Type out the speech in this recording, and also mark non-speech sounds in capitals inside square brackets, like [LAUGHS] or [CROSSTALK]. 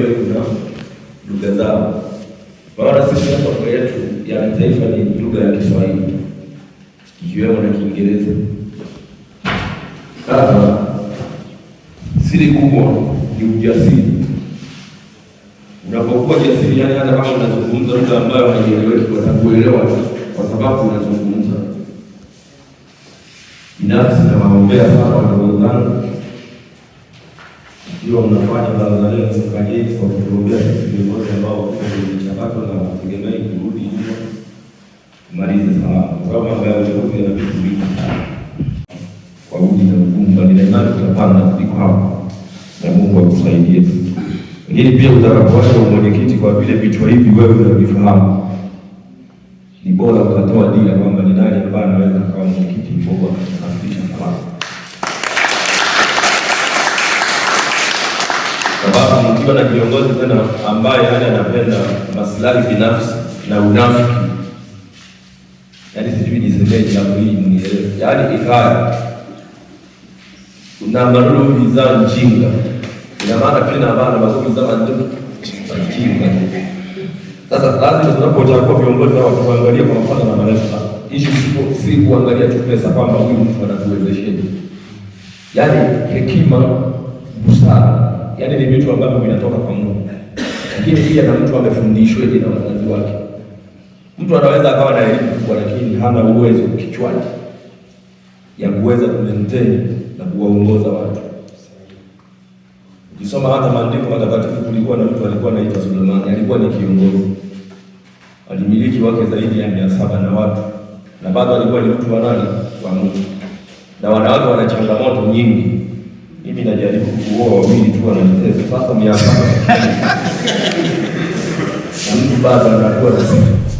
pia kuna lugha zao. Maana sisi hapa kwa yetu ya taifa ni lugha ya Kiswahili ikiwemo na Kiingereza. Sasa siri kubwa ni ujasiri. Unapokuwa jasiri, yani hata kama unazungumza lugha ambayo haieleweki, watakuelewa kwa sababu unazungumza. Binafsi nawaombea sana wadogo zangu jua mnafanya baraza lenu mkajeni kwa kutuombea sisi viongozi ambao kwenye mchakato na wategemei kurudi nyuma kumaliza salama, kwa sababu mambo ya uchaguzi sana kwa udi na uvumba. tutapanda kuliko na Mungu Lakini pia utakapoacha umwenyekiti, kwa vile vichwa hivi wewe unavifahamu, ni bora ukatoa dira kwamba ni nani ambaye anaweza kawa sababu mkiwa na kiongozi tena ambaye yani anapenda maslahi binafsi na unafiki, yani sijui nisemeje hapo, hii mnielewe. Yani ikaya na marumi za njinga, ina maana pia na maana marumi za njinga. Sasa lazima tunapochagua viongozi hao tuangalie kwa mfano na malengo. Hizi si kuangalia tu pesa kwamba huyu mtu anatuwezesheje, yani hekima, busara yaani ni vitu ambavyo vinatoka kwa Mungu. Lakini pia na mtu amefundishwa na wazazi wake. Mtu anaweza akawa na elimu kubwa, lakini hana uwezo kichwani ya kuweza kumenteni na kuwaongoza watu. Ukisoma hata maandiko matakatifu, kulikuwa na mtu alikuwa anaitwa Sulemani, alikuwa ni kiongozi, alimiliki wake zaidi ya mia saba na watu, na bado alikuwa ni mtu wa nani, wa Mungu, na wanawake wana changamoto nyingi mimi najaribu kuoa wawili tu wanajitesa. Sasa miaka [LAUGHS] na mtu bado anakuwa na sifa